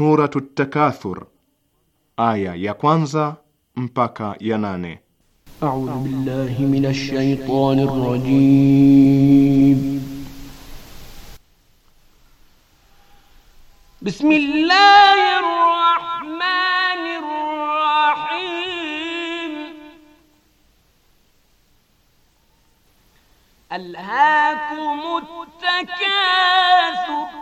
Suratu Takathur aya ya kwanza mpaka ya nane. A'udhu billahi minash shaitani rrajim. Bismillahir rahmanir rahim. Alhaakumut takathur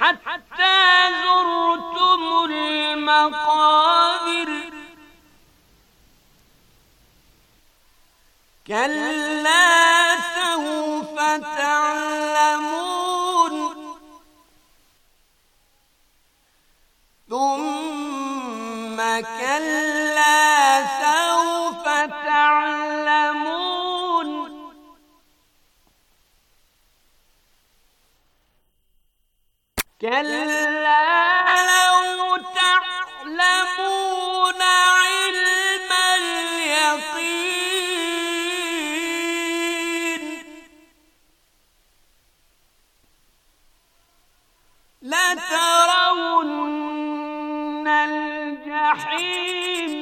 حتى زرتم المقابر كلا سوف تعلمون ثم كلا سوف تعلمون كلا لو تعلمون علم اليقين لترون الجحيم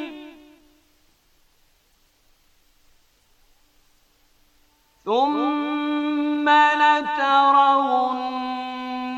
ثم لترون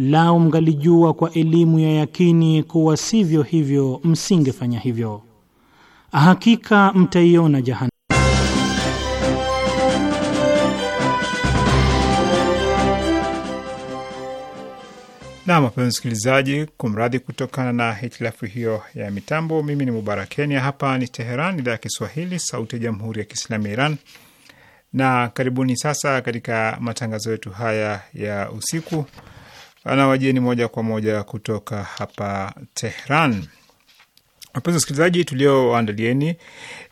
Lau mgalijua kwa elimu ya yakini kuwa sivyo hivyo, msingefanya hivyo. Hakika mtaiona jahannam. Nam, wapenzi msikilizaji, kumradhi kutokana na hitilafu hiyo ya mitambo. Mimi ni Mubarak Kenya, hapa ni Teheran, idhaa ya Kiswahili, sauti ya jamhuri ya kiislamu ya Iran. Na karibuni sasa katika matangazo yetu haya ya usiku anawajieni moja kwa moja kutoka hapa Tehran. Wapenzi wasikilizaji, tulioandalieni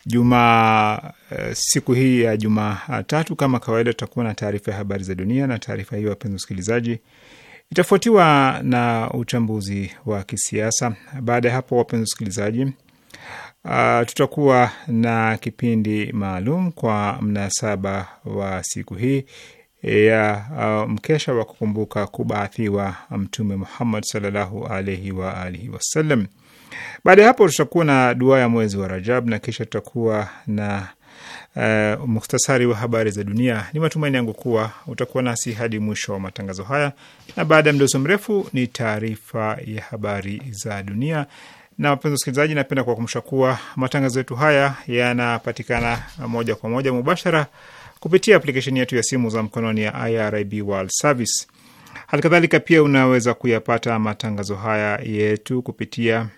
juma eh, siku hii ya tatu kama kawaida, tutakuwa na taarifa ya habari za dunia, na taarifa hiyo wapenzi wasikilizaji, itafuatiwa na uchambuzi wa kisiasa. Baada ya hapo, wapenzi wasikilizaji, uh, tutakuwa na kipindi maalum kwa mnasaba wa siku hii ya uh, mkesha wa kukumbuka kubaathiwa Mtume Muhammad sallallahu alaihi wa alihi wasallam. Baada ya hapo, tutakuwa na dua ya mwezi wa Rajab na kisha tutakuwa na uh, muhtasari wa habari za dunia. Ni matumaini yangu kuwa utakuwa nasi hadi mwisho wa matangazo haya, na baada ya mdoso mrefu ni taarifa ya habari za dunia. Na wapenzi wasikilizaji, napenda kuwakumbusha kuwa matangazo yetu haya yanapatikana moja kwa moja mubashara kupitia aplikesheni yetu ya simu za mkononi ya IRIB World Service. Hali kadhalika pia unaweza kuyapata matangazo haya yetu kupitia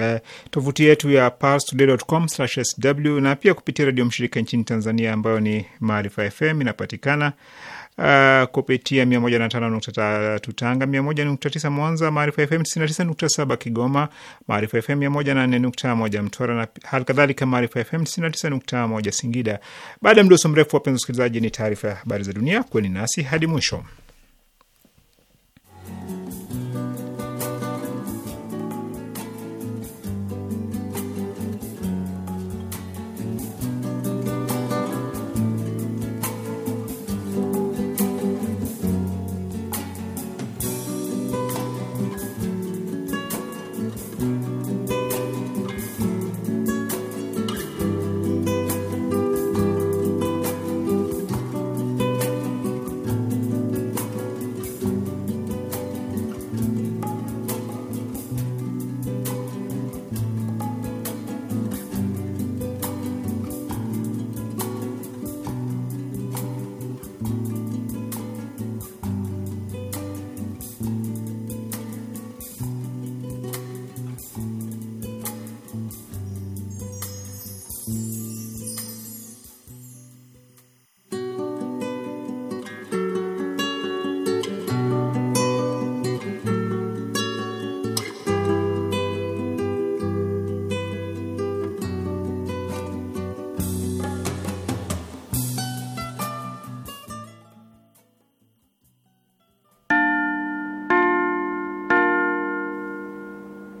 eh, tovuti yetu ya parstoday.com/sw na pia kupitia redio mshirika nchini Tanzania ambayo ni Maarifa FM inapatikana uh, kupitia 105.3 Tanga, 101.9 Mwanza, Maarifa FM 99.7 Kigoma, Maarifa FM 104.1 Mtwara na hali kadhalika Maarifa FM 99.1 Singida. Baada ya mdoso mrefu, wapenzi wasikilizaji, ni taarifa ya habari za dunia. Kweni nasi hadi mwisho.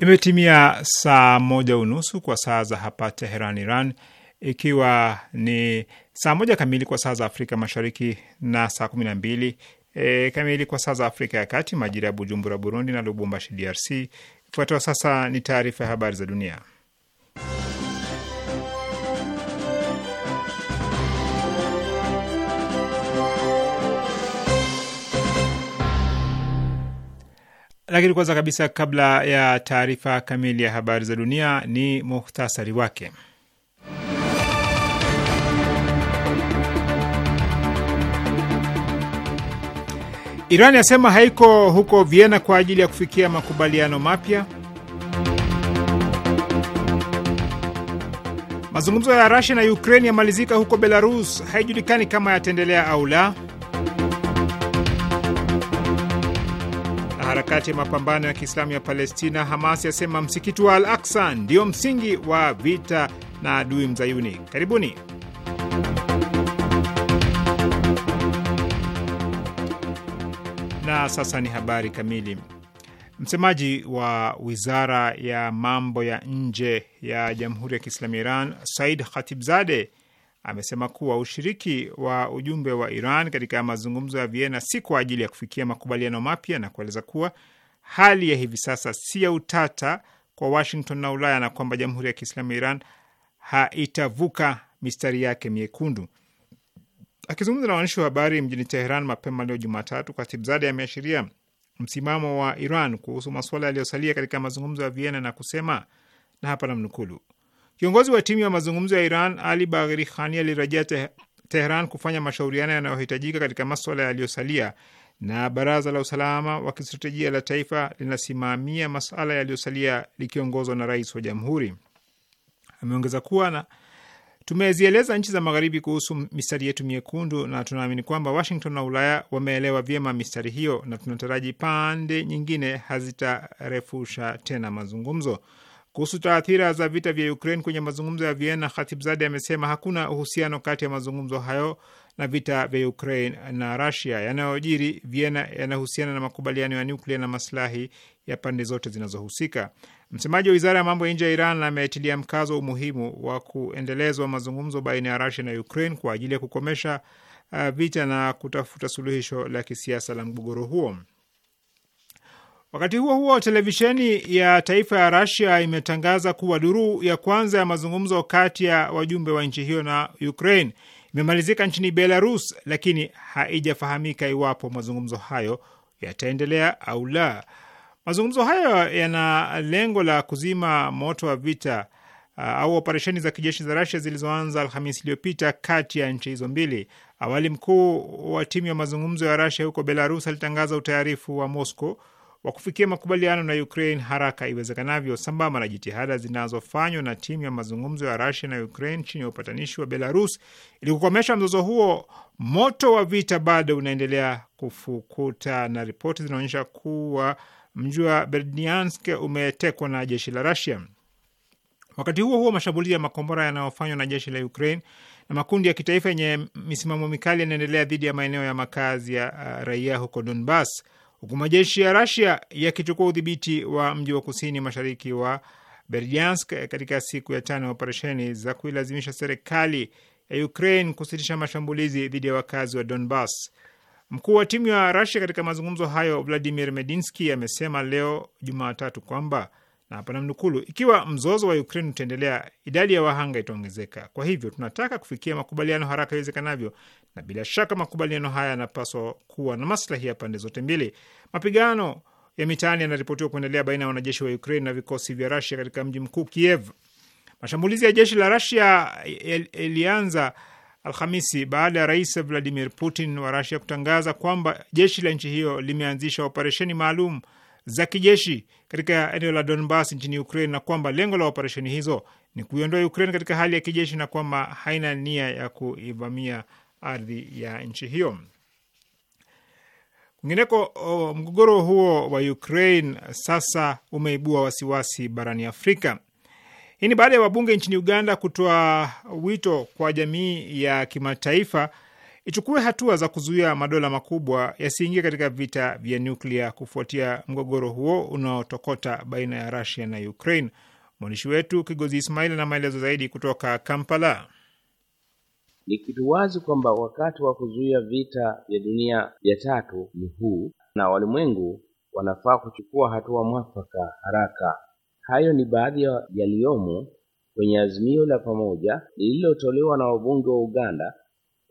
Imetimia saa moja unusu kwa saa za hapa Teheran, Iran, ikiwa ni saa moja kamili kwa saa za Afrika Mashariki na saa kumi na mbili e, kamili kwa saa za Afrika ya Kati, majira ya Bujumbura, Burundi na Lubumbashi, DRC. Ifuatayo sasa ni taarifa ya habari za dunia. Lakini kwanza kabisa, kabla ya taarifa kamili ya habari za dunia, ni muhtasari wake. Iran yasema haiko huko Vienna kwa ajili ya kufikia makubaliano mapya. Mazungumzo ya Rasia na Ukraini yamalizika huko Belarus, haijulikani kama yataendelea au la. harakati ya mapambano ya Kiislamu ya Palestina Hamas yasema msikiti wa Al Aksa ndio msingi wa vita na adui mzayuni. Karibuni. Na sasa ni habari kamili. Msemaji wa wizara ya mambo ya nje ya Jamhuri ya Kiislamu ya Iran Said Khatibzadeh amesema kuwa ushiriki wa ujumbe wa Iran katika mazungumzo ya Vienna si kwa ajili ya kufikia makubaliano mapya na kueleza kuwa hali ya hivi sasa si ya utata kwa Washington na Ulaya na kwamba Jamhuri ya Kiislamu ya Iran haitavuka mistari yake miekundu. Akizungumza na waandishi wa habari mjini Teheran mapema leo Jumatatu, Khatibzadeh ameashiria msimamo wa Iran kuhusu masuala yaliyosalia katika mazungumzo ya Vienna na kusema, na hapa namnukulu Kiongozi wa timu ya mazungumzo ya Iran Ali Bagheri Khani alirejea te Tehran kufanya mashauriano yanayohitajika katika maswala yaliyosalia, na baraza la usalama wa kistratejia la taifa linasimamia masala yaliyosalia likiongozwa na rais wa jamhuri. Ameongeza kuwa na tumezieleza nchi za magharibi kuhusu mistari yetu miekundu na tunaamini kwamba Washington na Ulaya wameelewa vyema mistari hiyo, na tunataraji pande nyingine hazitarefusha tena mazungumzo. Kuhusu taathira za vita vya Ukraine kwenye mazungumzo ya Vienna, Khatibzade amesema hakuna uhusiano kati ya mazungumzo hayo na vita vya Ukraine na rasia Yanayojiri Vienna yanahusiana na makubaliano ya nuklia na maslahi ya pande zote zinazohusika. Msemaji wa wizara ya mambo ya nje ya Iran ametilia mkazo umuhimu wa kuendelezwa mazungumzo baina ya rasia na Ukraine kwa ajili ya kukomesha uh, vita na kutafuta suluhisho la kisiasa la mgogoro huo. Wakati huo huo, televisheni ya taifa ya rasia imetangaza kuwa duru ya kwanza ya mazungumzo kati ya wajumbe wa nchi hiyo na Ukraine imemalizika nchini Belarus, lakini haijafahamika iwapo mazungumzo hayo yataendelea au la. Mazungumzo hayo yana lengo la kuzima moto wa vita uh, au operesheni za kijeshi za rasia zilizoanza Alhamisi iliyopita kati ya nchi hizo mbili. Awali mkuu wa timu ya mazungumzo ya rasia huko Belarus alitangaza utayarifu wa Moscow wa kufikia makubaliano na Ukraine haraka iwezekanavyo, sambamba na jitihada zinazofanywa na timu ya mazungumzo ya Rusia na Ukraine chini ya upatanishi wa Belarus ili kukomesha mzozo huo. Moto wa vita bado unaendelea kufukuta na ripoti zinaonyesha kuwa mji wa Berdiansk umetekwa na jeshi la Rusia. Wakati huo huo, mashambulizi ya makombora yanayofanywa na jeshi la Ukraine na makundi ya kitaifa yenye misimamo mikali yanaendelea dhidi ya maeneo ya makazi ya uh, raia huko Donbas huku majeshi ya Rasia yakichukua udhibiti wa mji wa kusini mashariki wa Berdiansk katika siku ya tano ya operesheni za kuilazimisha serikali ya Ukraine kusitisha mashambulizi dhidi ya wakazi wa Donbas. Mkuu wa timu ya Rasia katika mazungumzo hayo Vladimir medinski amesema leo Jumatatu kwamba na hapa namnukulu, ikiwa mzozo wa Ukraine utaendelea, idadi ya wahanga itaongezeka. Kwa hivyo tunataka kufikia makubaliano haraka iwezekanavyo, na bila shaka makubaliano haya yanapaswa kuwa na maslahi ya pande zote mbili. Mapigano ya mitaani yanaripotiwa kuendelea baina ya wanajeshi wa Ukraine na vikosi vya Rusia katika mji mkuu Kiev. Mashambulizi ya jeshi la Rusia yalianza Alhamisi baada ya rais Vladimir Putin wa Rusia kutangaza kwamba jeshi la nchi hiyo limeanzisha operesheni maalum za kijeshi katika eneo la Donbas nchini Ukraine na kwamba lengo la operesheni hizo ni kuiondoa Ukraine katika hali ya kijeshi na kwamba haina nia ya kuivamia ardhi ya nchi hiyo. Kwingineko, mgogoro huo wa Ukraine sasa umeibua wasiwasi barani Afrika. Hii ni baada ya wabunge nchini Uganda kutoa wito kwa jamii ya kimataifa ichukue hatua za kuzuia madola makubwa yasiingie katika vita vya nyuklia kufuatia mgogoro huo unaotokota baina ya Rusia na Ukraine. Mwandishi wetu Kigozi Ismail na maelezo zaidi kutoka Kampala. Ni kitu wazi kwamba wakati wa kuzuia vita vya dunia ya tatu ni huu, na walimwengu wanafaa kuchukua hatua mwafaka haraka. Hayo ni baadhi ya yaliyomo kwenye azimio la pamoja lililotolewa na wabunge wa Uganda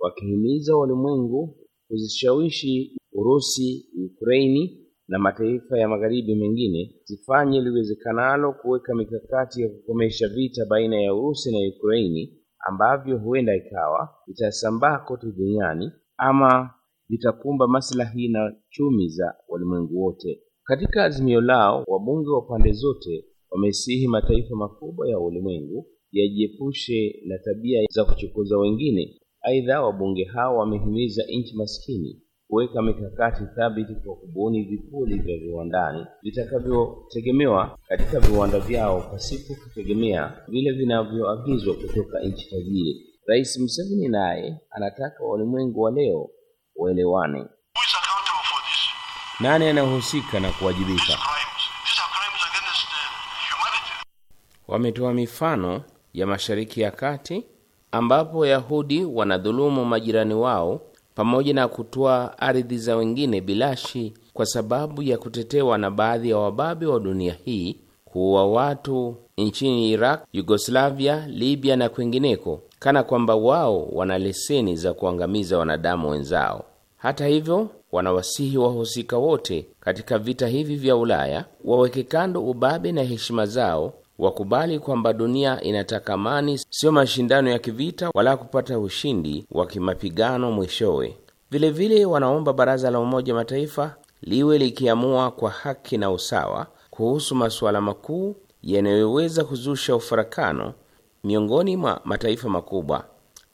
wakihimiza walimwengu kuzishawishi Urusi, Ukraini na mataifa ya magharibi mengine zifanye liwezekanalo kuweka mikakati ya kukomesha vita baina ya Urusi na Ukraini ambavyo huenda ikawa vitasambaa kote duniani ama vitakumba maslahi na chumi za walimwengu wote. Katika azimio lao, wabunge wa pande zote wamesihi mataifa makubwa ya ulimwengu yajiepushe na tabia za kuchukuza wengine Aidha, wabunge hao wamehimiza nchi maskini kuweka mikakati thabiti kwa kubuni vipuli vya viwandani vitakavyotegemewa katika viwanda vyao pasipo kutegemea vile vinavyoagizwa kutoka nchi tajiri. Rais Museveni naye anataka walimwengu wa leo waelewane. Nani anahusika na kuwajibika? Wametoa mifano ya Mashariki ya Kati ambapo Wayahudi wanadhulumu majirani wao pamoja na kutoa ardhi za wengine bilashi kwa sababu ya kutetewa na baadhi ya wababe wa dunia hii, kuua watu nchini Iraq, Yugoslavia, Libya na kwingineko, kana kwamba wao wana leseni za kuangamiza wanadamu wenzao. Hata hivyo, wanawasihi wahusika wote katika vita hivi vya Ulaya waweke kando ubabe na heshima zao wakubali kwamba dunia inataka amani, sio mashindano ya kivita wala kupata ushindi wa kimapigano mwishowe. Vilevile wanaomba baraza la Umoja Mataifa liwe likiamua kwa haki na usawa kuhusu masuala makuu yanayoweza kuzusha ufarakano miongoni mwa mataifa makubwa.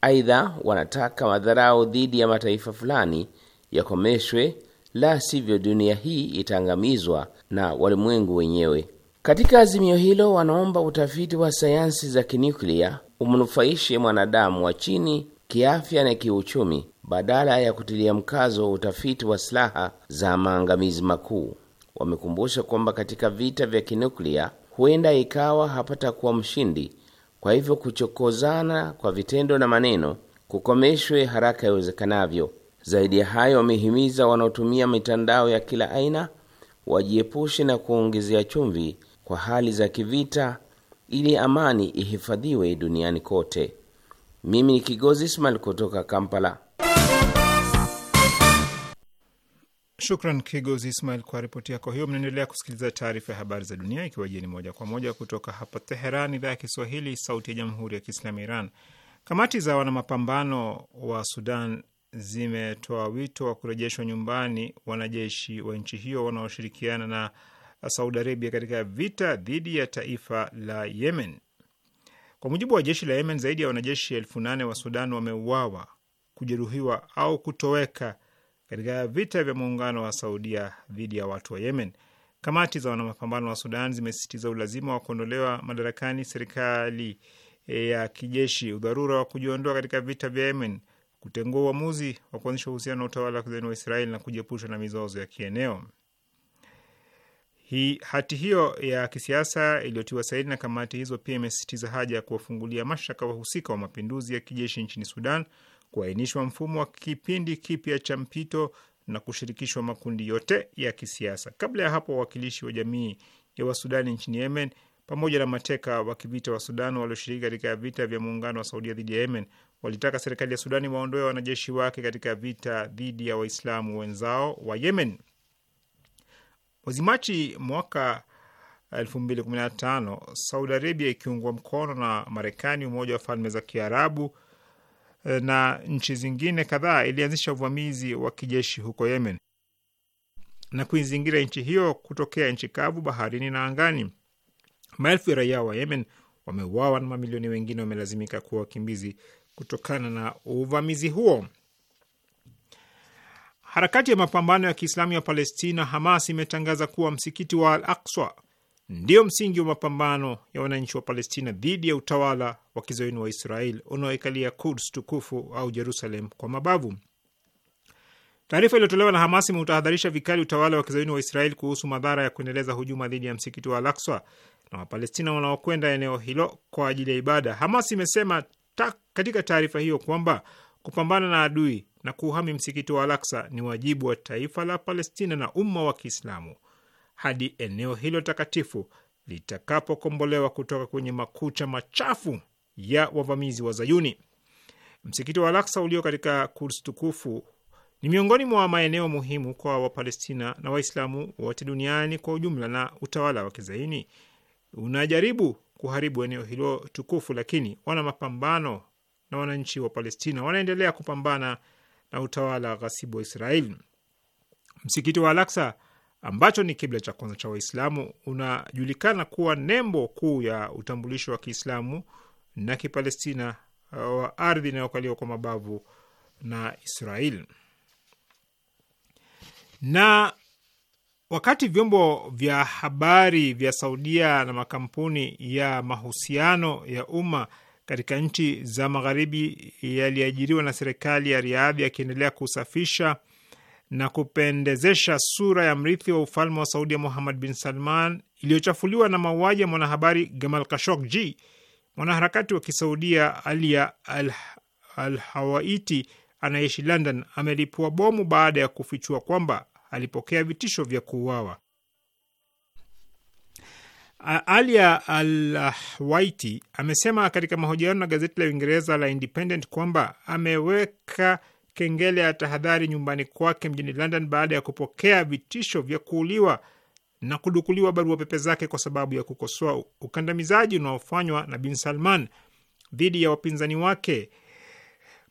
Aidha, wanataka madharau dhidi ya mataifa fulani yakomeshwe, la sivyo dunia hii itaangamizwa na walimwengu wenyewe. Katika azimio hilo wanaomba utafiti wa sayansi za kinuklia umnufaishe mwanadamu wa chini kiafya na kiuchumi badala ya kutilia mkazo wa utafiti wa silaha za maangamizi makuu. Wamekumbusha kwamba katika vita vya kinuklia huenda ikawa hapatakuwa mshindi, kwa hivyo kuchokozana kwa vitendo na maneno kukomeshwe haraka iwezekanavyo. Zaidi ya hayo, wamehimiza wanaotumia mitandao ya kila aina wajiepushe na kuongezea chumvi kwa hali za kivita ili amani ihifadhiwe duniani kote. Mimi ni Kigozi Ismail kutoka Kampala. Shukran Kigozi Ismail kwa ripoti yako hiyo. Mnaendelea kusikiliza taarifa ya habari za dunia, ikiwa jeni moja kwa moja kutoka hapa Teheran, idhaa ya Kiswahili, sauti ya jamhuri ya kiislamu Iran. Kamati za wanamapambano wa Sudan zimetoa wito wa kurejeshwa nyumbani wanajeshi wa nchi hiyo wanaoshirikiana na Saudi Arabia katika vita dhidi ya taifa la Yemen. Kwa mujibu wa jeshi la Yemen, zaidi ya wanajeshi elfu nane wa Sudan wameuawa, kujeruhiwa au kutoweka katika vita vya muungano wa Saudia dhidi ya watu wa Yemen. Kamati za wanamapambano wa Sudan zimesisitiza ulazima wa kuondolewa madarakani serikali e, ya kijeshi, udharura wa kujiondoa katika vita vya Yemen, kutengua uamuzi wa kuanzisha uhusiano na utawala wa kizayuni wa Israeli na kujiepusha na mizozo ya kieneo. Hii hati hiyo ya kisiasa iliyotiwa saini na kamati hizo pia imesisitiza haja ya kuwafungulia mashtaka wahusika wa mapinduzi ya kijeshi nchini Sudan, kuainishwa mfumo wa kipindi kipya cha mpito na kushirikishwa makundi yote ya kisiasa. Kabla ya hapo, wawakilishi wa jamii ya Wasudani nchini Yemen pamoja na mateka wa kivita wa Sudan walioshiriki katika vita vya muungano wa Saudia dhidi ya Yemen walitaka serikali ya Sudani waondoe wanajeshi wake katika vita dhidi ya Waislamu wenzao wa Yemen. Mwezi Machi mwaka 2015 Saudi Arabia ikiungwa mkono na Marekani, Umoja wa Falme za Kiarabu eh, na nchi zingine kadhaa ilianzisha uvamizi wa kijeshi huko Yemen na kuizingira nchi hiyo kutokea nchi kavu, baharini na angani. Maelfu ya raia wa Yemen wameuawa na mamilioni wengine wamelazimika kuwa wakimbizi kutokana na uvamizi huo. Harakati ya mapambano ya Kiislamu ya Palestina, Hamas, imetangaza kuwa msikiti wa Al Akswa ndio msingi wa mapambano ya wananchi wa Palestina dhidi ya utawala wa kizoeni wa Israel unaoikalia Kuds tukufu au Jerusalem kwa mabavu. Taarifa iliyotolewa na Hamas imeutahadharisha vikali utawala wa kizoeni wa Israel kuhusu madhara ya kuendeleza hujuma dhidi ya msikiti wa Al Akswa na Wapalestina wanaokwenda eneo hilo kwa ajili ya ibada. Hamas imesema ta, katika taarifa hiyo kwamba kupambana na adui na kuhami msikiti wa Al-Aqsa ni wajibu wa taifa la Palestina na umma wa Kiislamu hadi eneo hilo takatifu litakapokombolewa kutoka kwenye makucha machafu ya wavamizi wa Zayuni. Msikiti wa Al-Aqsa ulio katika Kursi tukufu ni miongoni mwa maeneo muhimu kwa Wapalestina na Waislamu wote duniani kwa ujumla, na utawala wa Kizaini unajaribu kuharibu eneo hilo tukufu, lakini wana mapambano na wananchi wa Palestina wanaendelea kupambana na utawala ghasibu wa israel Msikiti wa Al-Aqsa ambacho ni kibla cha kwanza cha Waislamu unajulikana kuwa nembo kuu ya utambulisho wa Kiislamu na Kipalestina uh, wa ardhi inayokaliwa kwa mabavu na israel Na wakati vyombo vya habari vya Saudia na makampuni ya mahusiano ya umma katika nchi za magharibi yaliajiriwa na serikali ya Riadhi yakiendelea kusafisha na kupendezesha sura ya mrithi wa ufalme wa Saudia Muhammad bin Salman iliyochafuliwa na mauaji ya mwanahabari Gamal j mwanaharakati wa kisaudia Alia Alhawaiti al Hawaiti anayeishi London amelipua bomu baada ya kufichua kwamba alipokea vitisho vya kuuawa. Alia alhwaiti amesema katika mahojiano na gazeti la Uingereza la Independent kwamba ameweka kengele ya tahadhari nyumbani kwake mjini London baada ya kupokea vitisho vya kuuliwa na kudukuliwa barua pepe zake kwa sababu ya kukosoa ukandamizaji unaofanywa na Bin Salman dhidi ya wapinzani wake.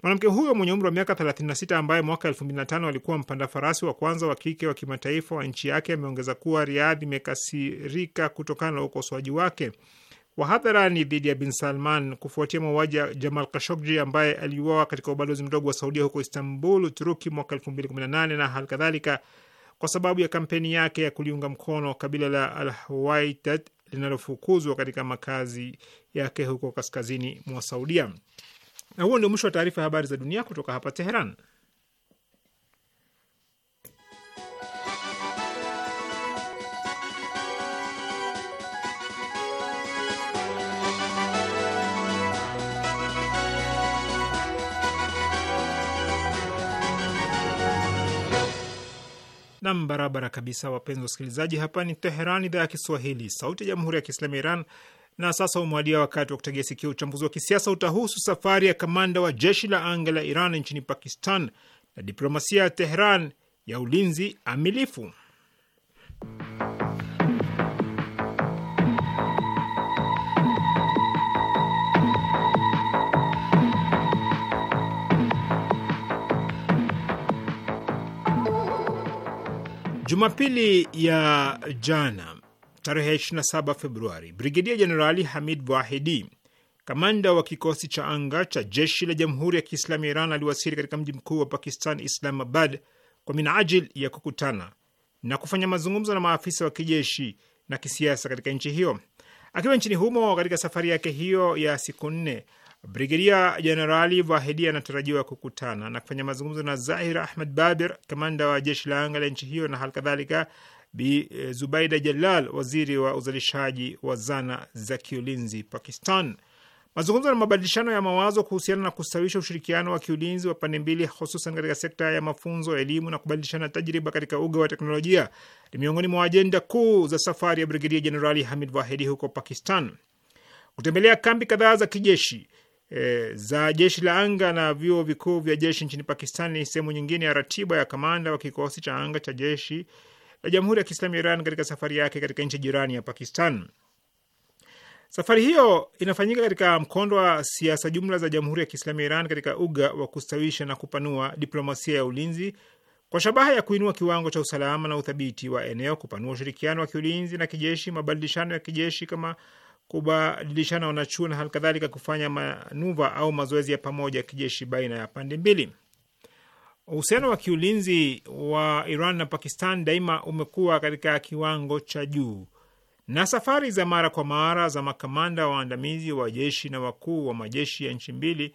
Mwanamke huyo mwenye umri wa miaka 36 ambaye mwaka 2005 alikuwa mpanda farasi wa kwanza wa kike wa kimataifa wa nchi yake ameongeza kuwa Riadhi imekasirika kutokana na ukosoaji wake wa hadharani dhidi ya Bin Salman kufuatia mauaji ya Jamal Khashoggi ambaye aliuawa katika ubalozi mdogo wa Saudia huko Istanbul, Uturuki mwaka 2018 na hali kadhalika kwa sababu ya kampeni yake ya kuliunga mkono kabila la Alhuwaitat linalofukuzwa katika makazi yake huko kaskazini mwa Saudia. Na huo ndio mwisho wa taarifa ya habari za dunia kutoka hapa Teheran. Nam, barabara kabisa, wapenzi wa usikilizaji, hapa ni Teheran, idhaa ya Kiswahili, sauti ya jamhuri ya kiislamu ya Iran na sasa umewadia wakati wa kutegea sikio. Uchambuzi wa kisiasa utahusu safari ya kamanda wa jeshi la anga la Iran nchini Pakistan na diplomasia ya Tehran ya ulinzi amilifu. Jumapili ya jana tarehe 27 Februari, Brigedia Jenerali Hamid Boahidi, kamanda wa kikosi cha anga cha jeshi la Jamhuri ya Kiislamu ya Iran, aliwasili katika mji mkuu wa Pakistan, Islamabad, kwa minajili ya kukutana na kufanya mazungumzo na maafisa wa kijeshi na kisiasa katika nchi hiyo. Akiwa nchini humo katika safari yake hiyo ya siku nne, Brigedia Jenerali Vahidi anatarajiwa kukutana na kufanya mazungumzo na Zahir Ahmed Babir, kamanda wa jeshi la anga la nchi hiyo, na halikadhalika Bi eh, Zubaida Jalal, waziri wa uzalishaji wa zana za kiulinzi Pakistan. Mazungumzo na mabadilishano ya mawazo kuhusiana na kustawisha ushirikiano wa kiulinzi wa pande mbili, hususan katika sekta ya mafunzo, elimu na kubadilishana tajriba katika uga wa teknolojia ni miongoni mwa ajenda kuu za safari ya Brigedia Jenerali Hamid Wahedi huko Pakistan, kutembelea kambi kadhaa za kijeshi e, za jeshi la anga na vyuo vikuu vya jeshi nchini Pakistan. Ni sehemu nyingine ya ratiba ya kamanda wa kikosi cha anga cha jeshi la Jamhuri ya Kiislamu ya Iran katika safari yake katika nchi jirani ya Pakistan. Safari hiyo inafanyika katika mkondo wa siasa jumla za Jamhuri ya Kiislamu ya Iran katika uga wa kustawisha na kupanua diplomasia ya ulinzi kwa shabaha ya kuinua kiwango cha usalama na uthabiti wa eneo, kupanua ushirikiano wa kiulinzi na kijeshi, mabadilishano ya kijeshi kama kubadilishana wanachuo na halikadhalika, kufanya manuva au mazoezi ya pamoja ya kijeshi baina ya pande mbili. Uhusiano wa kiulinzi wa Iran na Pakistan daima umekuwa katika kiwango cha juu na safari za mara kwa mara za makamanda waandamizi wa jeshi na wakuu wa majeshi ya nchi mbili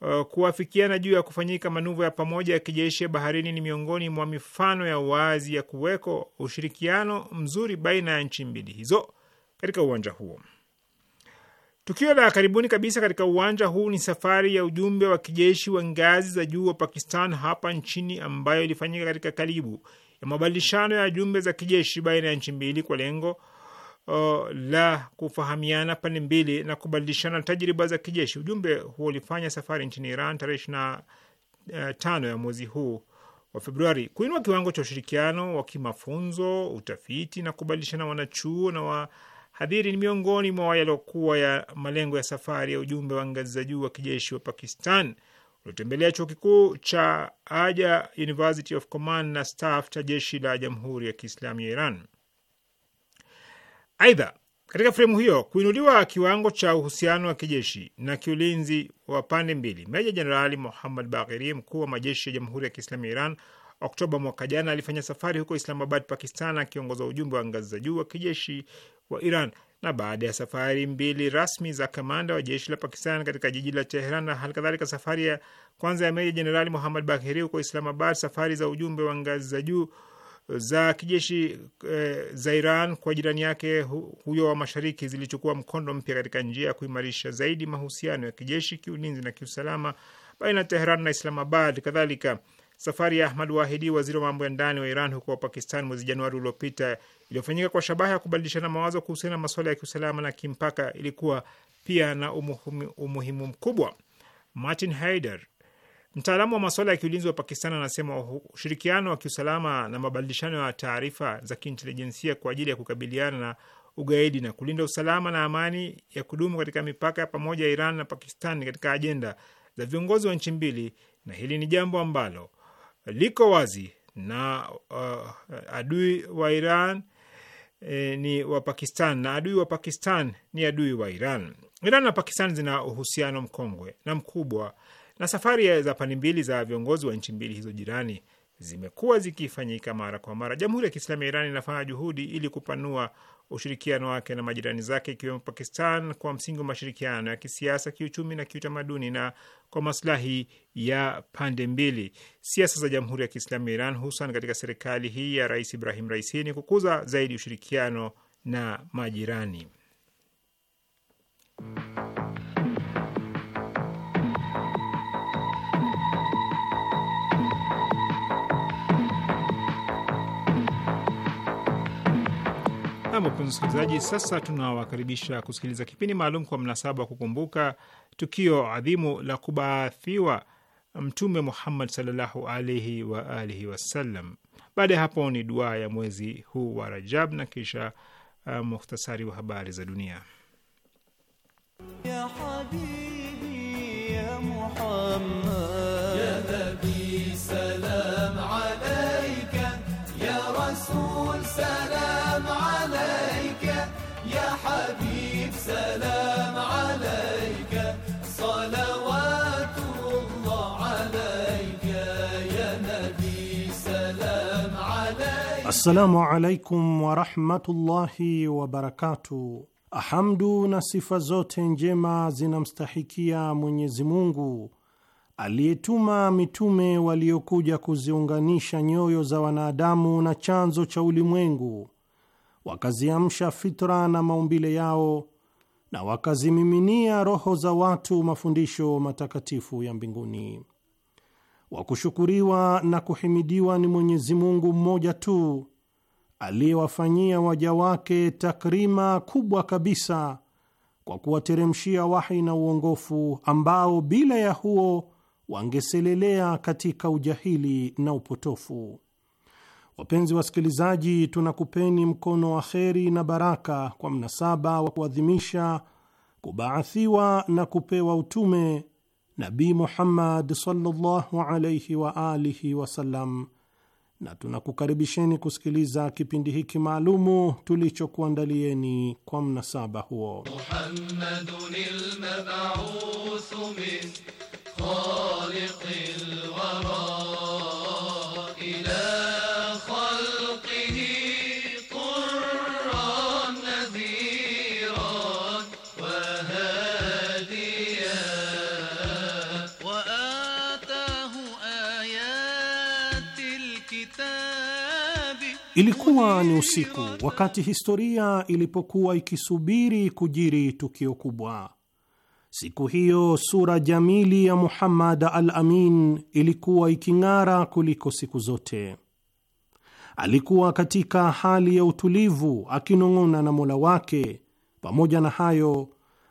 uh, kuwafikiana juu ya kufanyika manuva ya pamoja ya kijeshi ya baharini ni miongoni mwa mifano ya wazi ya kuweko ushirikiano mzuri baina ya nchi mbili hizo katika uwanja huo. Tukio la karibuni kabisa katika uwanja huu ni safari ya ujumbe wa kijeshi wa ngazi za juu wa Pakistan hapa nchini ambayo ilifanyika katika karibu ya mabadilishano ya jumbe za kijeshi baina ya nchi mbili kwa lengo o, uh, la kufahamiana pande mbili na kubadilishana tajriba za kijeshi. Ujumbe huo ulifanya safari nchini Iran tarehe ishirini na uh, tano ya mwezi huu wa Februari kuinua kiwango cha ushirikiano wa kimafunzo, utafiti na kubadilishana wanachuo na wa Hadhiri ni miongoni mwa yaliokuwa ya malengo ya safari ya ujumbe wa ngazi za juu wa kijeshi wa Pakistan uliotembelea chuo kikuu cha Aja University of Command na Staff cha jeshi la Jamhuri ya Kiislamu ya Iran. Aidha, katika fremu hiyo kuinuliwa kiwango cha uhusiano wa kijeshi na kiulinzi wa pande mbili, Meja Jenerali Muhammad Bagheri, mkuu wa majeshi ya Jamhuri ya Kiislamu ya Iran, Oktoba mwaka jana alifanya safari huko Islamabad, Pakistan, akiongoza ujumbe wa ngazi za juu wa kijeshi wa Iran. Na baada ya safari mbili rasmi za kamanda wa jeshi la Pakistan katika jiji la Teheran na halikadhalika safari ya kwanza ya meja jenerali Muhammad Bagheri huko Islamabad, safari za ujumbe wa ngazi za juu za kijeshi e, za Iran kwa jirani yake hu, huyo wa mashariki zilichukua mkondo mpya katika njia ya kuimarisha zaidi mahusiano ya kijeshi, kiulinzi na kiusalama baina ya Teheran na Islamabad. Kadhalika Safari ya Ahmad Wahidi, waziri wa mambo ya ndani wa Iran, huko Pakistan mwezi Januari uliopita, iliyofanyika kwa shabaha ya kubadilishana mawazo kuhusiana na masuala ya kiusalama na kimpaka, ilikuwa pia na umuhimu, umuhimu mkubwa. Martin Haider, mtaalamu wa masuala ya kiulinzi wa Pakistan, anasema ushirikiano wa kiusalama na mabadilishano ya taarifa za kiintelijensia kwa ajili ya kukabiliana na ugaidi na kulinda usalama na amani ya kudumu katika mipaka ya pamoja ya Iran na Pakistan katika ajenda za viongozi wa nchi mbili, na hili ni jambo ambalo liko wazi na uh, adui wa Iran eh, ni wa Pakistan na adui wa Pakistan ni adui wa Iran. Iran na Pakistan zina uhusiano mkongwe na mkubwa, na safari za pande mbili za viongozi wa nchi mbili hizo jirani zimekuwa zikifanyika mara kwa mara. Jamhuri ya Kiislamu ya Iran inafanya juhudi ili kupanua ushirikiano wake na majirani zake ikiwemo Pakistan kwa msingi wa mashirikiano ya kisiasa, kiuchumi na kiutamaduni na kwa maslahi ya pande mbili. Siasa za Jamhuri ya Kiislamu ya Iran, hususan katika serikali hii ya Rais Ibrahim Raisi, ni kukuza zaidi ushirikiano na majirani. Nam, wapenzi msikilizaji, sasa tunawakaribisha kusikiliza kipindi maalum kwa mnasaba wa kukumbuka tukio adhimu la kubaathiwa Mtume Muhammad sallallahu alaihi wa alihi wasallam. Baada ya hapo ni dua ya mwezi huu wa Rajab na kisha uh, muhtasari wa habari za dunia ya habibi, ya Muhammad Assalamu alaikum warahmatullahi wabarakatu. Hamdu na sifa zote njema zinamstahikia Mwenyezi Mungu aliyetuma mitume waliokuja kuziunganisha nyoyo za wanadamu na chanzo cha ulimwengu, wakaziamsha fitra na maumbile yao na wakazimiminia roho za watu mafundisho matakatifu ya mbinguni wa kushukuriwa na kuhimidiwa ni Mwenyezi Mungu mmoja tu aliyewafanyia waja wake takrima kubwa kabisa kwa kuwateremshia wahi na uongofu ambao bila ya huo wangeselelea katika ujahili na upotofu. Wapenzi wasikilizaji, tunakupeni mkono wa kheri na baraka kwa mnasaba wa kuadhimisha kubaathiwa na kupewa utume Nabi Muhammad sallallahu alaihi wa alihi na tunakukaribisheni kusikiliza kipindi hiki maalumu tulichokuandalieni kwa mnasaba huo. Muhammadun Ilikuwa ni usiku wakati historia ilipokuwa ikisubiri kujiri tukio kubwa. Siku hiyo sura jamili ya Muhammad al Amin ilikuwa iking'ara kuliko siku zote. Alikuwa katika hali ya utulivu akinong'ona na Mola wake. Pamoja na hayo,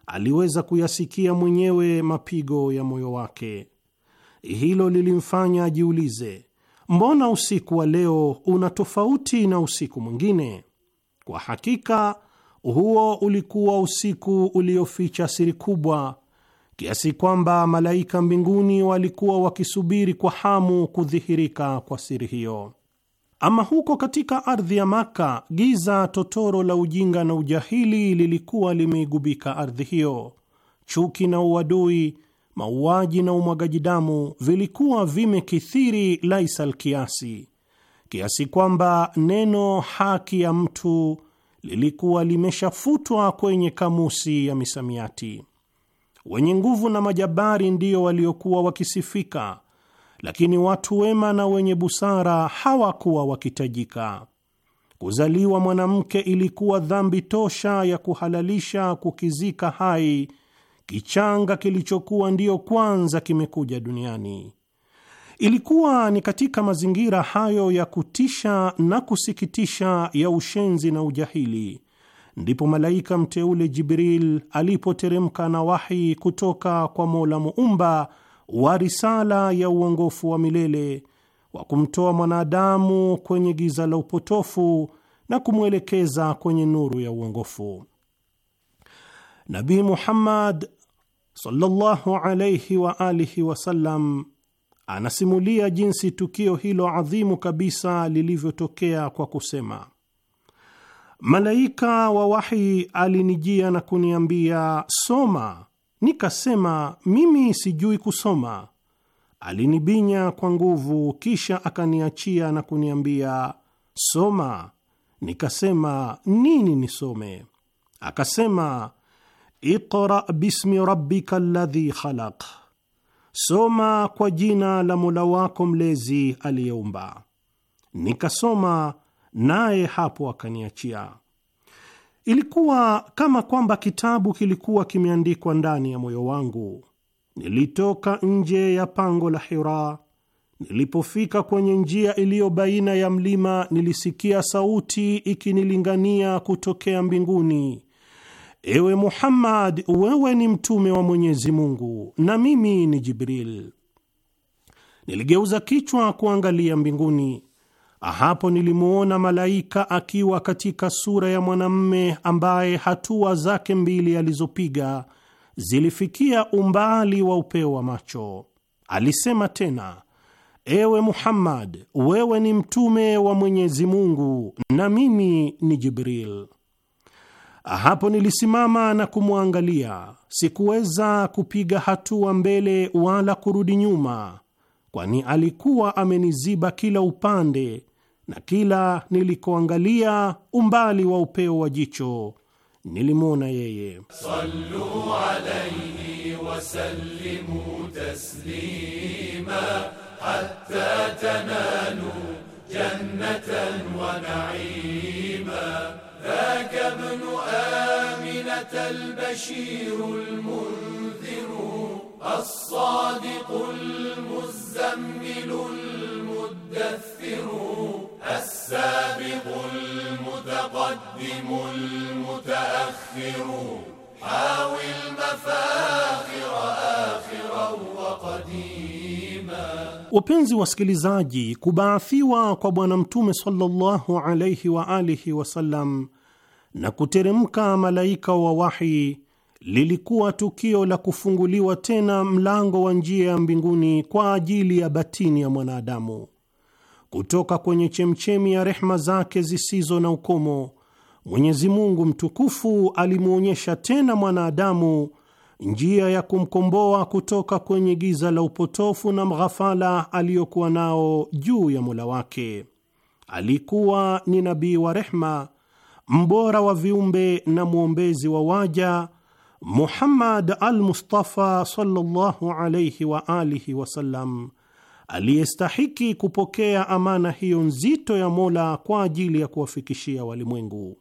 aliweza kuyasikia mwenyewe mapigo ya moyo wake. Hilo lilimfanya ajiulize mbona usiku wa leo una tofauti na usiku mwingine? Kwa hakika huo ulikuwa usiku ulioficha siri kubwa kiasi kwamba malaika mbinguni walikuwa wakisubiri kwa hamu kudhihirika kwa siri hiyo. Ama huko katika ardhi ya Maka, giza totoro la ujinga na ujahili lilikuwa limeigubika ardhi hiyo. Chuki na uadui mauaji na umwagaji damu vilikuwa vimekithiri laisal kiasi, kiasi kwamba neno haki ya mtu lilikuwa limeshafutwa kwenye kamusi ya misamiati. Wenye nguvu na majabari ndiyo waliokuwa wakisifika, lakini watu wema na wenye busara hawakuwa wakitajika. Kuzaliwa mwanamke ilikuwa dhambi tosha ya kuhalalisha kukizika hai kichanga kilichokuwa ndiyo kwanza kimekuja duniani. Ilikuwa ni katika mazingira hayo ya kutisha na kusikitisha ya ushenzi na ujahili ndipo malaika mteule Jibril alipoteremka na wahi kutoka kwa Mola Muumba wa risala ya uongofu wa milele wa kumtoa mwanadamu kwenye giza la upotofu na kumwelekeza kwenye nuru ya uongofu. Nabii Muhammad sallallahu alayhi wa alihi wasallam anasimulia jinsi tukio hilo adhimu kabisa lilivyotokea kwa kusema, malaika wa wahi alinijia na kuniambia soma, nikasema mimi sijui kusoma. Alinibinya kwa nguvu, kisha akaniachia na kuniambia soma, nikasema nini nisome? Akasema Iqra bismi rabbika alladhi khalaq, soma kwa jina la Mola wako mlezi aliyeumba. Nikasoma naye hapo akaniachia. Ilikuwa kama kwamba kitabu kilikuwa kimeandikwa ndani ya moyo wangu. Nilitoka nje ya pango la Hira. Nilipofika kwenye njia iliyo baina ya mlima, nilisikia sauti ikinilingania kutokea mbinguni Ewe Muhammad, wewe ni mtume wa Mwenyezi Mungu na mimi ni Jibril. Niligeuza kichwa kuangalia mbinguni. Hapo nilimuona malaika akiwa katika sura ya mwanamme ambaye hatua zake mbili alizopiga zilifikia umbali wa upeo wa macho. Alisema tena, ewe Muhammad, wewe ni mtume wa Mwenyezi Mungu na mimi ni Jibril. Hapo nilisimama na kumwangalia, sikuweza kupiga hatua mbele wala kurudi nyuma, kwani alikuwa ameniziba kila upande, na kila nilikoangalia umbali wa upeo wa jicho nilimwona yeye. Sallu alayhi wa sallimu taslima hatta tanalu jannatan wa naima ذاك ابن آمنة البشير المنذر الصادق المزمل المدثر السابق المتقدم المتأخر حاول مفاخر آخرا وقديما Wapenzi wasikilizaji, kubaathiwa kwa Bwana Mtume sallallahu alaihi wa alihi wasallam na kuteremka malaika wa wahi lilikuwa tukio la kufunguliwa tena mlango wa njia ya mbinguni kwa ajili ya batini ya mwanadamu kutoka kwenye chemchemi ya rehma zake zisizo na ukomo. Mwenyezi Mungu mtukufu alimwonyesha tena mwanadamu njia ya kumkomboa kutoka kwenye giza la upotofu na mghafala aliyokuwa nao juu ya Mola wake. Alikuwa ni nabii wa rehma, mbora wa viumbe na mwombezi wa waja, Muhammad al-Mustafa sallallahu alayhi wa alihi wasallam, aliyestahiki kupokea amana hiyo nzito ya Mola kwa ajili ya kuwafikishia walimwengu.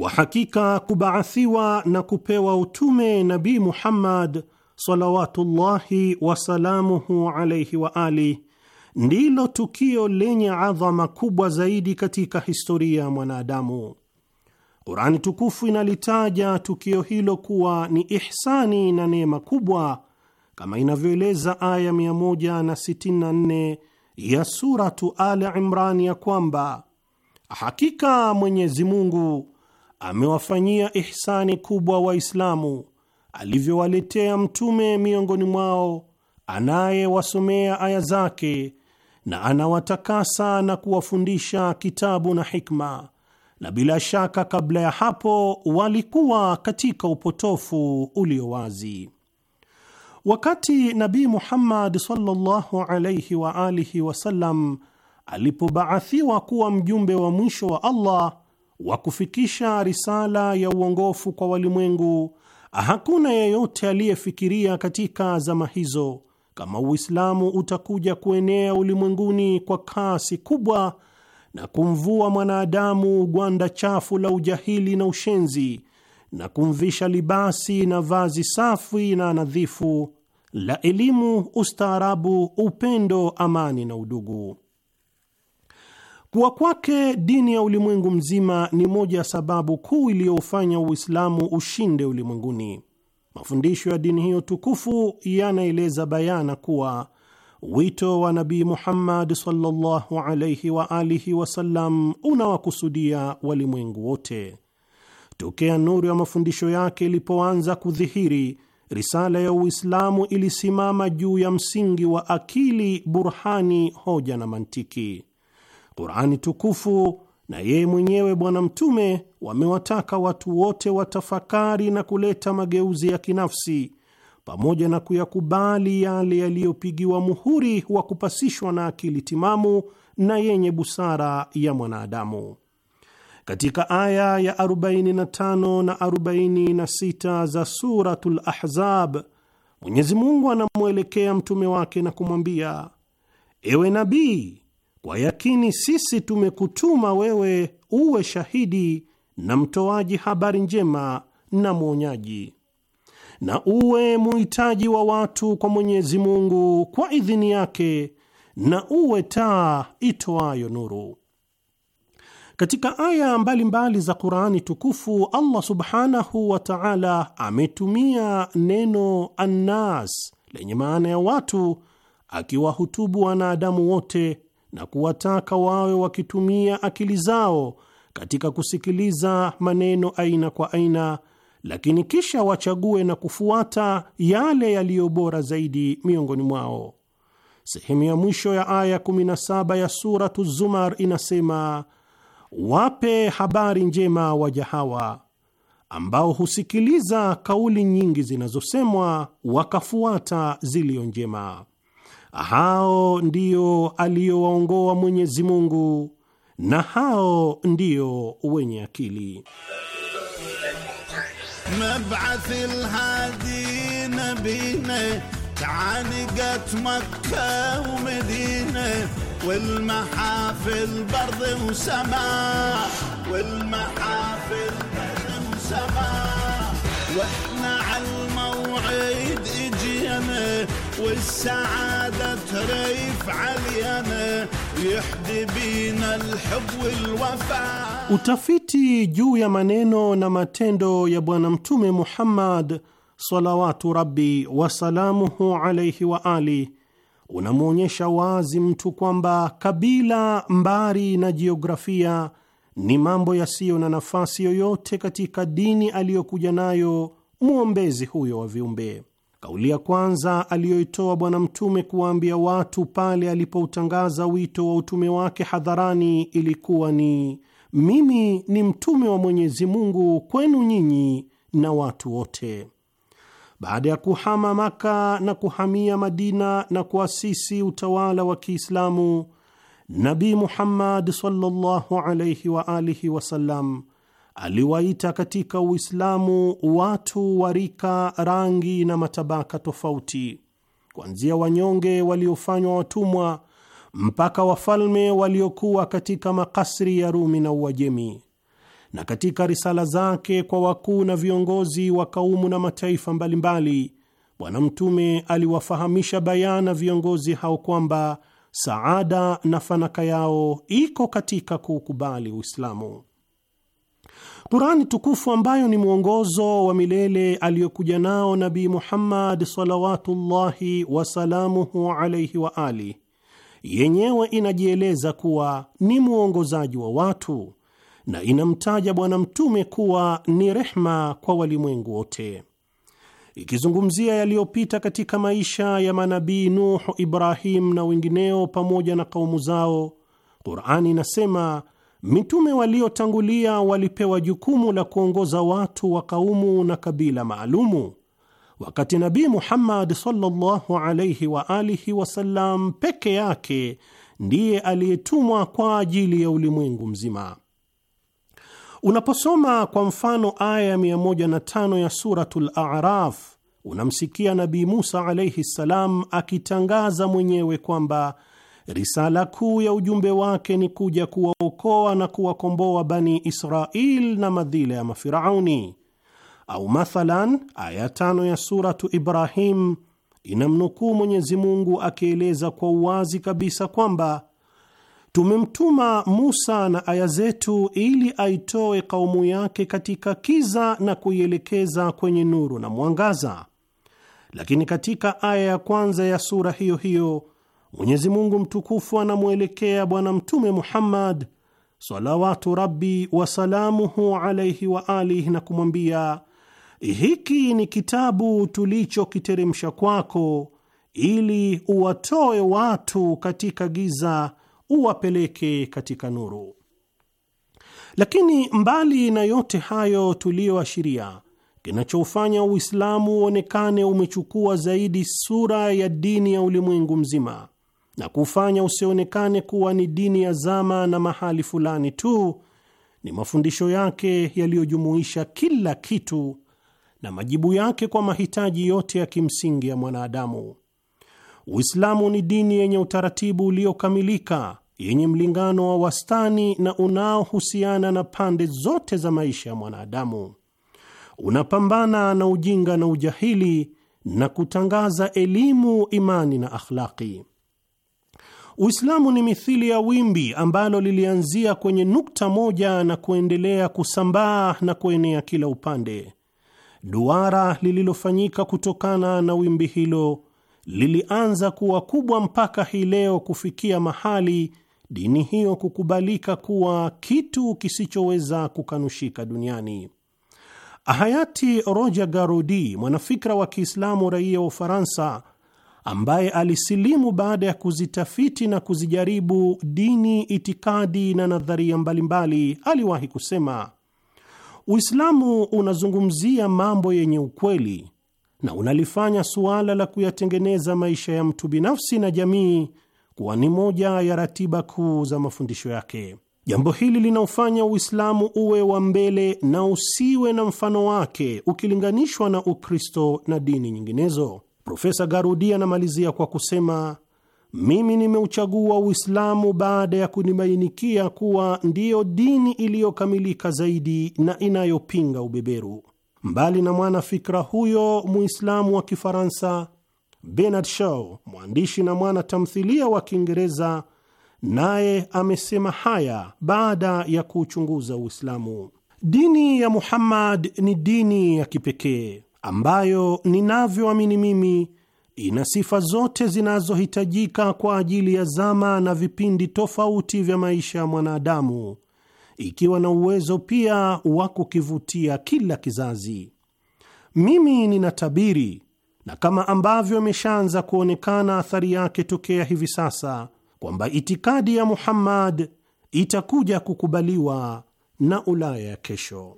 Kwa hakika kubaathiwa na kupewa utume nabi Muhammad salawatullahi wasalamuhu alaihi wa ali ndilo tukio lenye adhama kubwa zaidi katika historia ya mwanadamu. Qurani tukufu inalitaja tukio hilo kuwa ni ihsani na neema kubwa kama inavyoeleza aya 164 ya Suratu Al Imran ya kwamba hakika Mwenyezi Mungu amewafanyia ihsani kubwa Waislamu alivyowaletea mtume miongoni mwao anayewasomea aya zake na anawatakasa na kuwafundisha kitabu na hikma, na bila shaka kabla ya hapo walikuwa katika upotofu ulio wazi. Wakati Nabii Muhammad sallallahu alayhi wa alihi wasallam alipobaathiwa kuwa mjumbe wa mwisho wa Allah wa kufikisha risala ya uongofu kwa walimwengu, hakuna yeyote aliyefikiria katika zama hizo kama Uislamu utakuja kuenea ulimwenguni kwa kasi kubwa na kumvua mwanadamu gwanda chafu la ujahili na ushenzi na kumvisha libasi na vazi safi na nadhifu la elimu, ustaarabu, upendo, amani na udugu. Kuwa kwake dini ya ulimwengu mzima ni moja ya sababu kuu iliyofanya Uislamu ushinde ulimwenguni. Mafundisho ya dini hiyo tukufu yanaeleza bayana kuwa wito wa Nabii Muhammad sallallahu wa alihi wasallam unawakusudia walimwengu wote. Tokea nuru ya mafundisho yake ilipoanza kudhihiri, risala ya Uislamu ilisimama juu ya msingi wa akili, burhani, hoja na mantiki. Qur'ani tukufu na yeye mwenyewe Bwana Mtume wamewataka watu wote watafakari na kuleta mageuzi ya kinafsi pamoja na kuyakubali yale yaliyopigiwa muhuri wa kupasishwa na akili timamu na yenye busara ya mwanadamu. Katika aya ya 45 na 46 za Suratul Ahzab, Mwenyezi Mungu anamwelekea mtume wake na kumwambia, ewe nabii kwa yakini sisi tumekutuma wewe uwe shahidi na mtoaji habari njema na mwonyaji, na uwe muhitaji wa watu kwa Mwenyezi Mungu kwa idhini yake, na uwe taa itoayo nuru. Katika aya mbalimbali mbali za Qur'ani tukufu Allah Subhanahu wa Ta'ala ametumia neno annas lenye maana ya watu, akiwahutubu wanadamu wote na kuwataka wawe wakitumia akili zao katika kusikiliza maneno aina kwa aina, lakini kisha wachague na kufuata yale yaliyo bora zaidi miongoni mwao. Sehemu ya mwisho ya aya 17 ya Suratu Zumar inasema, wape habari njema waja hawa ambao husikiliza kauli nyingi zinazosemwa wakafuata zilizo njema. hao ndio aliowaongoa Mwenyezi Mungu na hao ndio wenye akili. والسعادة يحدي بينا الحب Utafiti juu ya maneno na matendo ya Bwana Mtume Muhammad salawatu rabbi wasalamuhu alaihi wa ali unamwonyesha wazi mtu kwamba kabila, mbari na jiografia ni mambo yasiyo na nafasi yoyote katika dini aliyokuja nayo mwombezi huyo wa viumbe. Kauli ya kwanza aliyoitoa Bwana Mtume kuwaambia watu pale alipoutangaza wito wa utume wake hadharani ilikuwa ni mimi ni mtume wa Mwenyezi Mungu kwenu nyinyi na watu wote. Baada ya kuhama Maka na kuhamia Madina na kuasisi utawala wa Kiislamu, Nabi Muhammad sallallahu alayhi wa alihi wasallam aliwaita katika Uislamu watu wa rika, rangi na matabaka tofauti, kuanzia wanyonge waliofanywa watumwa mpaka wafalme waliokuwa katika makasri ya Rumi na Uajemi. Na katika risala zake kwa wakuu na viongozi wa kaumu na mataifa mbalimbali, Bwana Mtume aliwafahamisha bayana viongozi hao kwamba saada na fanaka yao iko katika kuukubali Uislamu. Qurani tukufu ambayo ni mwongozo wa milele aliyokuja nao Nabii Muhammad salawatullahi wasalamuhu alaihi wa ali, yenyewe inajieleza kuwa ni mwongozaji wa watu na inamtaja Bwana Mtume kuwa ni rehma kwa walimwengu wote, ikizungumzia yaliyopita katika maisha ya manabii nuhu Ibrahim na wengineo pamoja na kaumu zao. Qurani inasema Mitume waliotangulia walipewa jukumu la kuongoza watu wa kaumu na kabila maalumu, wakati Nabii Muhammad sallallahu alaihi wa alihi wasallam peke yake ndiye aliyetumwa kwa ajili ya ulimwengu mzima. Unaposoma kwa mfano aya 15 105 ya Suratul Araf, unamsikia Nabii Musa alaihi ssalam akitangaza mwenyewe kwamba risala kuu ya ujumbe wake ni kuja kuwaokoa na kuwakomboa Bani Israil na madhila ya mafirauni. Au mathalan aya tano ya Suratu Ibrahim inamnukuu Mwenyezi Mungu akieleza kwa uwazi kabisa kwamba tumemtuma Musa na aya zetu ili aitoe kaumu yake katika kiza na kuielekeza kwenye nuru na mwangaza. Lakini katika aya ya kwanza ya sura hiyo hiyo Mwenyezi Mungu mtukufu anamwelekea Bwana Mtume Muhammad salawatu rabbi wasalamuhu alaihi wa alihi na kumwambia, hiki ni kitabu tulichokiteremsha kwako ili uwatoe watu katika giza uwapeleke katika nuru. Lakini mbali na yote hayo tuliyoashiria, kinachoufanya Uislamu uonekane umechukua zaidi sura ya dini ya ulimwengu mzima na kufanya usionekane kuwa ni dini ya zama na mahali fulani tu, ni mafundisho yake yaliyojumuisha kila kitu na majibu yake kwa mahitaji yote ya kimsingi ya mwanadamu. Uislamu ni dini yenye utaratibu uliokamilika, yenye mlingano wa wastani na unaohusiana na pande zote za maisha ya mwanadamu. Unapambana na ujinga na ujahili na kutangaza elimu, imani na akhlaki. Uislamu ni mithili ya wimbi ambalo lilianzia kwenye nukta moja na kuendelea kusambaa na kuenea kila upande. Duara lililofanyika kutokana na wimbi hilo lilianza kuwa kubwa mpaka hii leo kufikia mahali dini hiyo kukubalika kuwa kitu kisichoweza kukanushika duniani. Hayati Roger Garodi, mwanafikra wa Kiislamu raia wa Ufaransa, ambaye alisilimu baada ya kuzitafiti na kuzijaribu dini, itikadi na nadharia mbalimbali, aliwahi kusema, Uislamu unazungumzia mambo yenye ukweli na unalifanya suala la kuyatengeneza maisha ya mtu binafsi na jamii kuwa ni moja ya ratiba kuu za mafundisho yake. Jambo hili linaofanya Uislamu uwe wa mbele na usiwe na mfano wake ukilinganishwa na Ukristo na dini nyinginezo. Profesa Garudi anamalizia kwa kusema, mimi nimeuchagua Uislamu baada ya kunibainikia kuwa ndiyo dini iliyokamilika zaidi na inayopinga ubeberu. Mbali na mwanafikra huyo Muislamu wa Kifaransa, Bernard Shaw, mwandishi na mwana tamthilia wa Kiingereza, naye amesema haya baada ya kuuchunguza Uislamu. Dini ya Muhammad ni dini ya kipekee ambayo ninavyoamini mimi ina sifa zote zinazohitajika kwa ajili ya zama na vipindi tofauti vya maisha ya mwanadamu, ikiwa na uwezo pia wa kukivutia kila kizazi. Mimi ninatabiri, na kama ambavyo imeshaanza kuonekana athari yake tokea hivi sasa, kwamba itikadi ya Muhammad itakuja kukubaliwa na Ulaya ya kesho.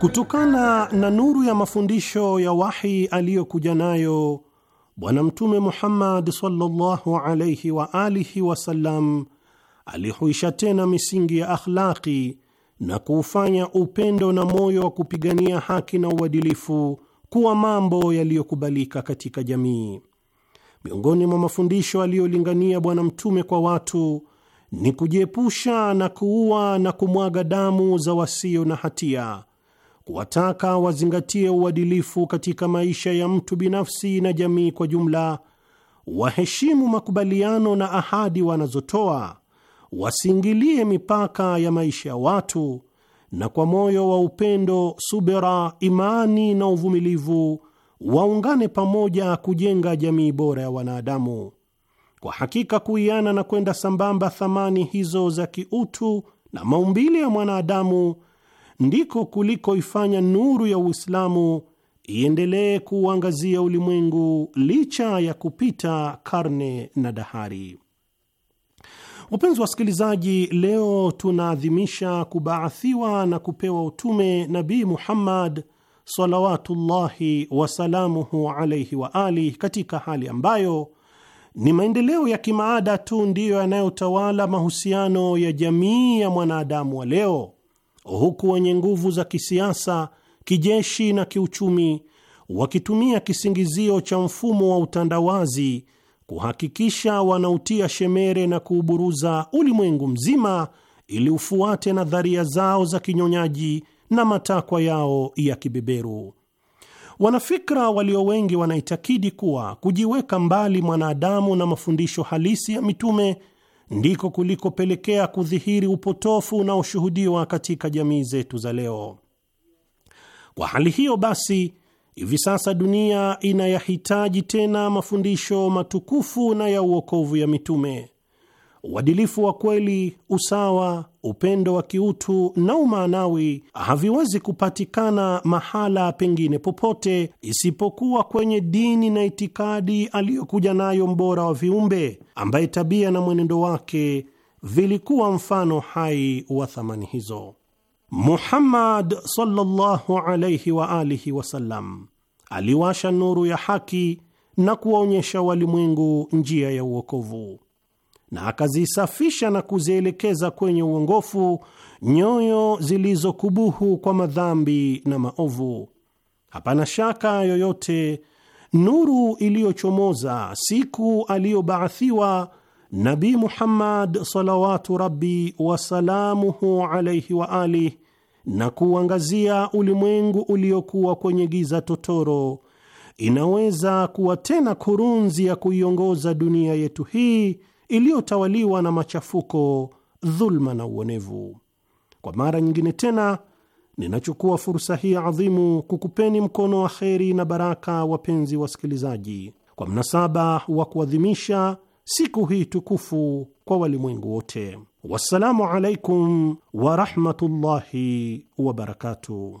Kutokana na nuru ya mafundisho ya wahi aliyokuja nayo Bwana Mtume Muhammad sallallahu alayhi wa alihi wasallam alihuisha tena misingi ya akhlaqi na kuufanya upendo na moyo wa kupigania haki na uadilifu kuwa mambo yaliyokubalika katika jamii. Miongoni mwa mafundisho aliyolingania Bwana Mtume kwa watu ni kujiepusha na kuua na kumwaga damu za wasio na hatia kuwataka wazingatie uadilifu katika maisha ya mtu binafsi na jamii kwa jumla, waheshimu makubaliano na ahadi wanazotoa, wasiingilie mipaka ya maisha ya watu, na kwa moyo wa upendo, subira, imani na uvumilivu waungane pamoja kujenga jamii bora ya wanadamu. Kwa hakika kuiana na kwenda sambamba thamani hizo za kiutu na maumbile ya mwanadamu ndiko kulikoifanya nuru ya Uislamu iendelee kuuangazia ulimwengu licha ya kupita karne na dahari. Wapenzi wasikilizaji, leo tunaadhimisha kubaathiwa na kupewa utume Nabii Muhammad salawatullahi wasalamuhu alaihi wa alih, katika hali ambayo ni maendeleo ya kimaada tu ndiyo yanayotawala mahusiano ya jamii ya mwanadamu wa leo huku wenye nguvu za kisiasa, kijeshi na kiuchumi wakitumia kisingizio cha mfumo wa utandawazi kuhakikisha wanautia shemere na kuuburuza ulimwengu mzima ili ufuate nadharia zao za kinyonyaji na matakwa yao ya kibeberu. Wanafikra walio wengi wanaitakidi kuwa kujiweka mbali mwanadamu na mafundisho halisi ya mitume ndiko kulikopelekea kudhihiri upotofu unaoshuhudiwa katika jamii zetu za leo. Kwa hali hiyo basi, hivi sasa dunia inayahitaji tena mafundisho matukufu na ya uokovu ya mitume uadilifu wa kweli, usawa, upendo wa kiutu na umaanawi haviwezi kupatikana mahala pengine popote isipokuwa kwenye dini na itikadi aliyokuja nayo mbora wa viumbe, ambaye tabia na mwenendo wake vilikuwa mfano hai wa thamani hizo. Muhammad sallallahu alayhi wa alihi wasallam aliwasha nuru ya haki na kuwaonyesha walimwengu njia ya uokovu na akazisafisha na kuzielekeza kwenye uongofu nyoyo zilizokubuhu kwa madhambi na maovu. Hapana shaka yoyote, nuru iliyochomoza siku aliyobaathiwa Nabi Muhammad salawatu rabi wasalamuhu alaihi wa ali na kuuangazia ulimwengu uliokuwa kwenye giza totoro, inaweza kuwa tena kurunzi ya kuiongoza dunia yetu hii iliyotawaliwa na machafuko, dhulma na uonevu. Kwa mara nyingine tena ninachukua fursa hii adhimu kukupeni mkono wa kheri na baraka, wapenzi wasikilizaji, kwa mnasaba wa kuadhimisha siku hii tukufu kwa walimwengu wote. Wassalamu alaikum warahmatullahi wabarakatuh.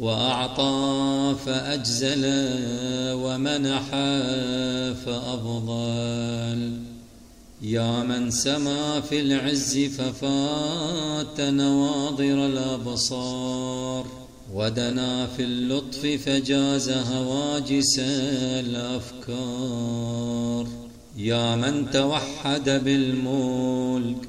وأعطى فأجزل ومنح فأفضل يا من سما في العز ففات نواظر الأبصار ودنا في اللطف فجاز هواجس الأفكار يا من توحد بالملك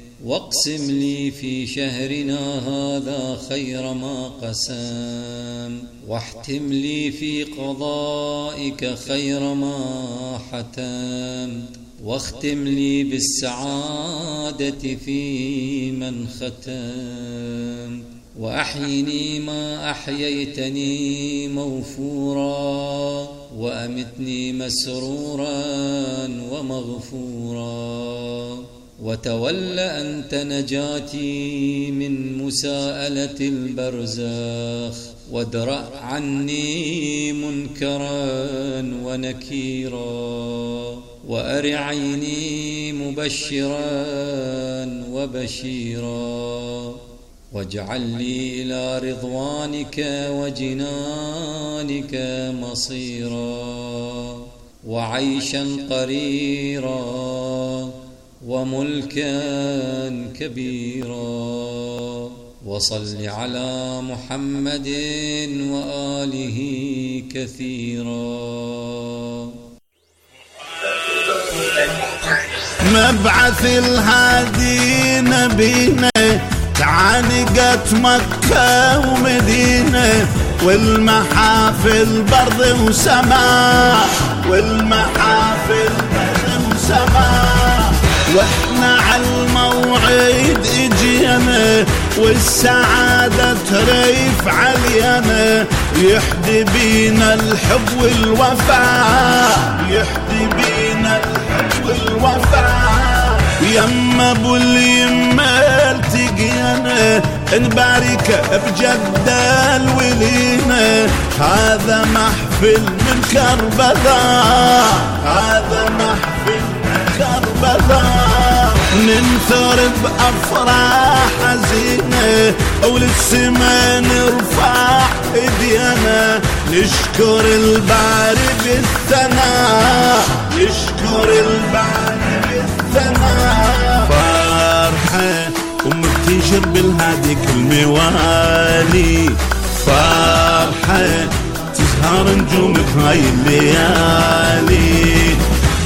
واقسم لي في شهرنا هذا خير ما قسام واحتم لي في قضائك خير ما حتم واختم لي بالسعادة في من ختم وأحيني ما أحييتني موفورا وأمتني مسرورا ومغفورا وتول أنت نجاتي من مساءلة البرزاخ وادرأ عني منكرا ونكيرا وارعيني عيني مبشرا وبشيرا واجعل لي إلى رضوانك وجنانك مصيرا وعيشا قريرا وملكا كبيرا وصل على محمد وآله كثيرا مبعث الهادي نبينا تعانقت مكة ومدينة والمحافل برد وسماء والمحافل برد وسماء واحنا على الموعد اجينا والسعادة تريف علينا يحدي بينا الحب والوفاء يحدي بينا الحب والوفاء يما ابو اليما التقينا نبارك بجدة الولينا هذا محفل من كربلاء هذا محفل ابدا ننثر بافراح حزينه وللسما نرفع ايدينا نشكر الباري بالثناء نشكر الباري بالثناء فرحه ومبتشر بالهادي كل موالي فرحه تزهر نجومك هاي الليالي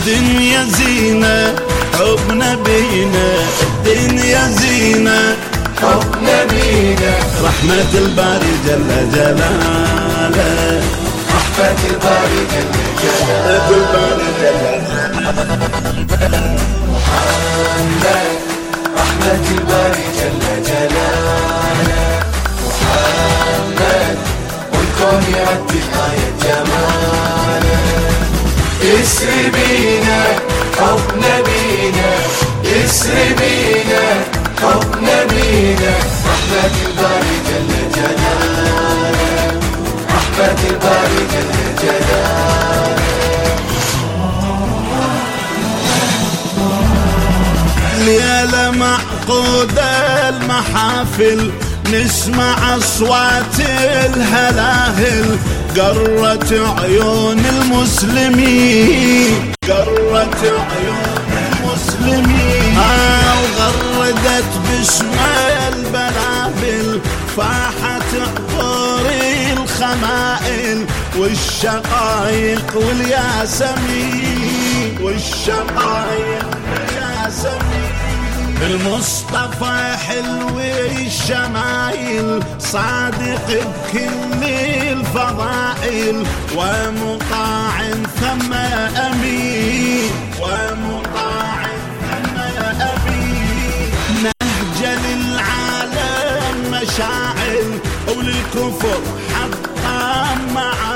الدنيا زينة حبنا بينا الدنيا زينة حبنا بينا رحمة الباري جل جلاله رحمة الباري جل جلاله محمد رحمة الباري جل جلاله محمد والكون يعد آية جمال اسري بينا حبنا بينا اسري بينا حبنا بينا رحمة الباري جل جلاله رحمة الباري جل جلاله يا معقودة المحافل نسمع أصوات الهلاهل قرت عيون المسلمين قرت عيون المسلمين آه وغردت باسم البلابل فاحت عطور الخمائل والشقايق والياسمين والشقايق المصطفى حلو الشمايل صادق بكل الفضائل ومطاع ثم أمين ومطاع ثم أمين نهج للعالم مشاعل وللكفر حقا معاه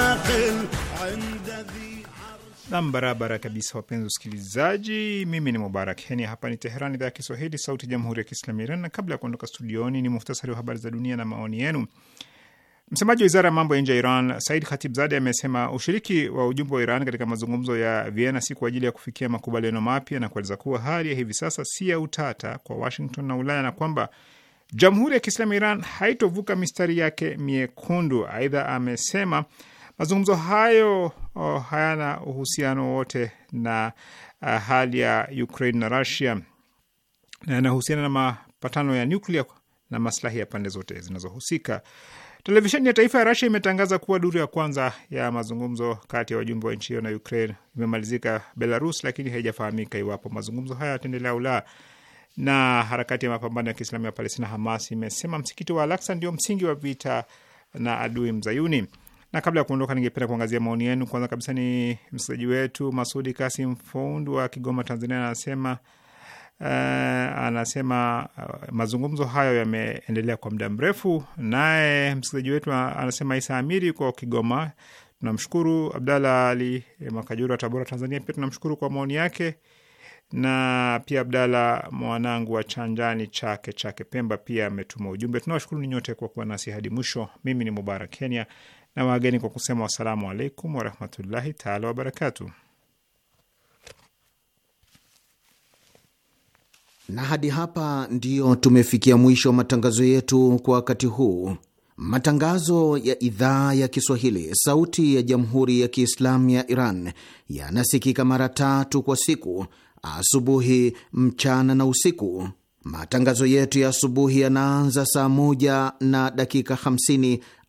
Nam, barabara kabisa, wapenzi wasikilizaji, mimi ni Mubarak Heni, hapa ni Teheran, idhaa ya Kiswahili, sauti ya jamhuri ya kiislamu ya Iran. Na kabla ya kuondoka studioni, ni muhtasari wa habari za dunia na maoni yenu. Msemaji wa wizara ya mambo ya nje ya Iran Said Khatibzadeh amesema ushiriki wa ujumbe wa Iran katika mazungumzo ya Vienna si kwa ajili ya kufikia makubaliano mapya, na kueleza kuwa hali ya hivi sasa si ya utata kwa Washington na Ulaya na kwamba jamhuri ya kiislamu ya Iran haitovuka mistari yake miekundu. Aidha amesema mazungumzo hayo oh, hayana uhusiano wote na uh, hali ya Ukraine na Russia na yanahusiana na mapatano ya nuklia na maslahi ya pande zote zinazohusika. Televisheni ya taifa ya Russia imetangaza kuwa duru ya kwanza ya mazungumzo kati ya wajumbe wa nchi hiyo na Ukraine imemalizika Belarus, lakini haijafahamika iwapo mazungumzo haya yataendelea au la. Na harakati ya mapambano ya Kiislamu ya Palestina, Hamas, imesema msikiti wa Al-Aqsa ndio msingi wa vita na adui mzayuni. Na kabla ya kuondoka, ningependa kuangazia maoni yenu. Kwanza kabisa ni msikilizaji wetu Masudi Kasim Found wa Kigoma, Tanzania, anasema Uh, anasema uh, mazungumzo hayo yameendelea kwa muda mrefu. Naye msikilizaji wetu anasema Isa Amiri kwa Kigoma, tunamshukuru. Abdalla Ali Makajuru wa Tabora, Tanzania, pia tunamshukuru kwa maoni yake, na pia Abdala mwanangu wa Chanjani Chake Chake Pemba pia ametuma ujumbe. Tunawashukuru ni nyote kwa kuwa nasi hadi mwisho. Mimi ni Mubarak Kenya na wageni kwa kusema wassalamu alaikum warahmatullahi taala wabarakatu. Na hadi hapa ndiyo tumefikia mwisho wa matangazo yetu kwa wakati huu. Matangazo ya idhaa ya Kiswahili sauti ya jamhuri ya Kiislamu ya Iran yanasikika mara tatu kwa siku: asubuhi, mchana na usiku. Matangazo yetu ya asubuhi yanaanza saa moja na dakika 50